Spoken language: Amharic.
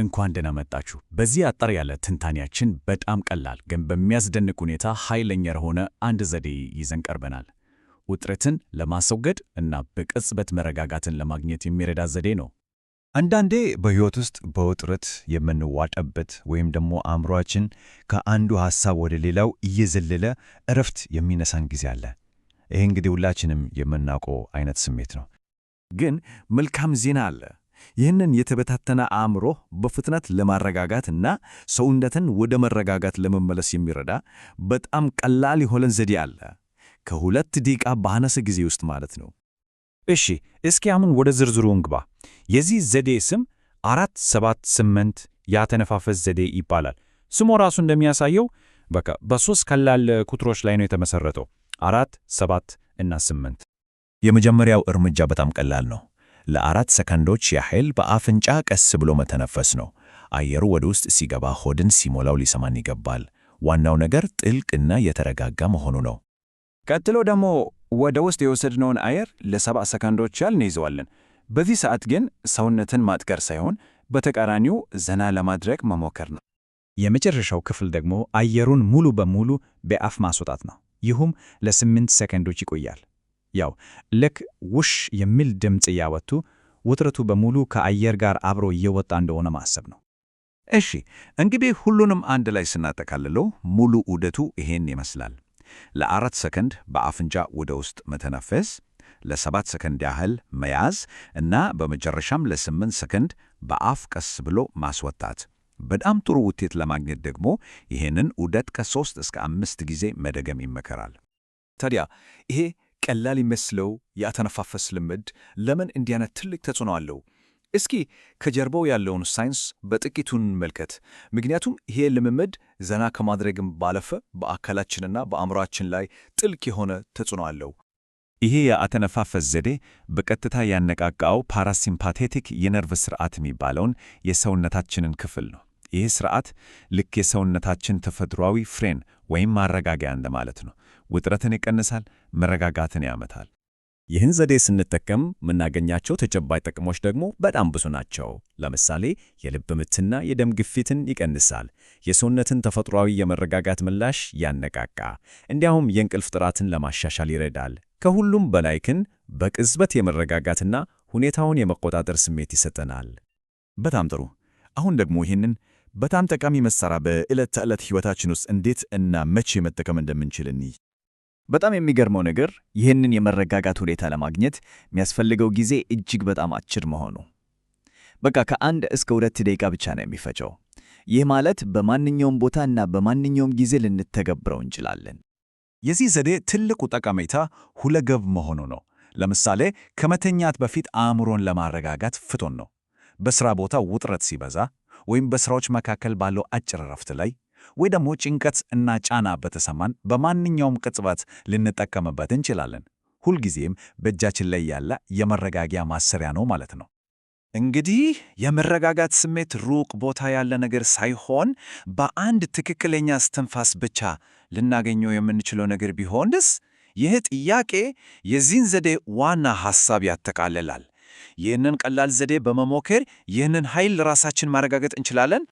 እንኳን ደህና መጣችሁ። በዚህ አጠር ያለ ትንታኔያችን በጣም ቀላል ግን በሚያስደንቅ ሁኔታ ኃይለኛ የሆነ አንድ ዘዴ ይዘን ቀርበናል። ውጥረትን ለማስወገድ እና በቅጽበት መረጋጋትን ለማግኘት የሚረዳ ዘዴ ነው። አንዳንዴ በሕይወት ውስጥ በውጥረት የምንዋጠበት ወይም ደግሞ አእምሯችን ከአንዱ ሐሳብ ወደ ሌላው እየዘለለ እረፍት የሚነሳን ጊዜ አለ። ይህ እንግዲህ ሁላችንም የምናውቀው አይነት ስሜት ነው። ግን መልካም ዜና አለ። ይህንን የተበታተነ አእምሮ በፍጥነት ለማረጋጋት እና ሰውነትን ወደ መረጋጋት ለመመለስ የሚረዳ በጣም ቀላል የሆነን ዘዴ አለ። ከሁለት ደቂቃ ባነሰ ጊዜ ውስጥ ማለት ነው። እሺ፣ እስኪ አሁን ወደ ዝርዝሩ እንግባ። የዚህ ዘዴ ስም አራት ሰባት ስምንት ያተነፋፈስ ዘዴ ይባላል። ስሙ ራሱ እንደሚያሳየው በቃ በሶስት ቀላል ቁጥሮች ላይ ነው የተመሰረተው፣ አራት ሰባት እና ስምንት። የመጀመሪያው እርምጃ በጣም ቀላል ነው። ለአራት ሰከንዶች ያህል በአፍንጫ ቀስ ብሎ መተነፈስ ነው። አየሩ ወደ ውስጥ ሲገባ ሆድን ሲሞላው ሊሰማን ይገባል። ዋናው ነገር ጥልቅና የተረጋጋ መሆኑ ነው። ቀጥሎ ደግሞ ወደ ውስጥ የወሰድነውን አየር ለሰባት ሰከንዶች ያህል እንይዘዋለን። በዚህ ሰዓት ግን ሰውነትን ማጥቀር ሳይሆን በተቃራኒው ዘና ለማድረግ መሞከር ነው። የመጨረሻው ክፍል ደግሞ አየሩን ሙሉ በሙሉ በአፍ ማስወጣት ነው። ይሁም ለስምንት ሰከንዶች ይቆያል። ያው ልክ ውሽ የሚል ድምፅ እያወጡ ውጥረቱ በሙሉ ከአየር ጋር አብሮ እየወጣ እንደሆነ ማሰብ ነው። እሺ እንግዲህ ሁሉንም አንድ ላይ ስናጠቃልለው ሙሉ ዑደቱ ይሄን ይመስላል። ለአራት ሰከንድ በአፍንጫ ወደ ውስጥ መተነፈስ፣ ለሰባት ሰከንድ ያህል መያዝ እና በመጨረሻም ለስምንት ሰከንድ በአፍ ቀስ ብሎ ማስወጣት። በጣም ጥሩ ውጤት ለማግኘት ደግሞ ይሄንን ዑደት ከሶስት እስከ አምስት ጊዜ መደገም ይመከራል። ታዲያ ይሄ ቀላል ይመስለው የአተነፋፈስ ልምድ ለምን እንዲህ ዓይነት ትልቅ ተጽዕኖ አለው? እስኪ ከጀርባው ያለውን ሳይንስ በጥቂቱን እንመልከት። ምክንያቱም ይሄ ልምምድ ዘና ከማድረግም ባለፈ በአካላችንና በአእምሯችን ላይ ጥልቅ የሆነ ተጽዕኖ አለው። ይሄ የአተነፋፈስ ዘዴ በቀጥታ ያነቃቃው ፓራሲምፓቴቲክ የነርቭ ስርዓት የሚባለውን የሰውነታችንን ክፍል ነው። ይህ ስርዓት ልክ የሰውነታችን ተፈጥሯዊ ፍሬን ወይም ማረጋጊያ እንደማለት ነው። ውጥረትን ይቀንሳል፣ መረጋጋትን ያመታል። ይህን ዘዴ ስንጠቀም የምናገኛቸው ተጨባጭ ጥቅሞች ደግሞ በጣም ብዙ ናቸው። ለምሳሌ የልብ ምትና የደም ግፊትን ይቀንሳል፣ የሰውነትን ተፈጥሯዊ የመረጋጋት ምላሽ ያነቃቃ፣ እንዲያውም የእንቅልፍ ጥራትን ለማሻሻል ይረዳል። ከሁሉም በላይ ግን በቅጽበት የመረጋጋትና ሁኔታውን የመቆጣጠር ስሜት ይሰጠናል። በጣም ጥሩ። አሁን ደግሞ ይህንን በጣም ጠቃሚ መሳሪያ በዕለት ተዕለት ሕይወታችን ውስጥ እንዴት እና መቼ መጠቀም እንደምንችል እንይ። በጣም የሚገርመው ነገር ይህንን የመረጋጋት ሁኔታ ለማግኘት የሚያስፈልገው ጊዜ እጅግ በጣም አጭር መሆኑ፣ በቃ ከአንድ እስከ ሁለት ደቂቃ ብቻ ነው የሚፈጀው። ይህ ማለት በማንኛውም ቦታ እና በማንኛውም ጊዜ ልንተገብረው እንችላለን። የዚህ ዘዴ ትልቁ ጠቀሜታ ሁለገብ መሆኑ ነው። ለምሳሌ ከመተኛት በፊት አእምሮን ለማረጋጋት ፍቶን ነው። በሥራ ቦታ ውጥረት ሲበዛ ወይም በሥራዎች መካከል ባለው አጭር እረፍት ላይ ወይ ደግሞ ጭንቀት እና ጫና በተሰማን በማንኛውም ቅጽበት ልንጠቀምበት እንችላለን። ሁልጊዜም በእጃችን ላይ ያለ የመረጋጊያ ማሰሪያ ነው ማለት ነው። እንግዲህ የመረጋጋት ስሜት ሩቅ ቦታ ያለ ነገር ሳይሆን በአንድ ትክክለኛ እስትንፋስ ብቻ ልናገኘው የምንችለው ነገር ቢሆንስ? ይህ ጥያቄ የዚህን ዘዴ ዋና ሐሳብ ያጠቃልላል። ይህንን ቀላል ዘዴ በመሞከር ይህንን ኃይል ራሳችን ማረጋገጥ እንችላለን።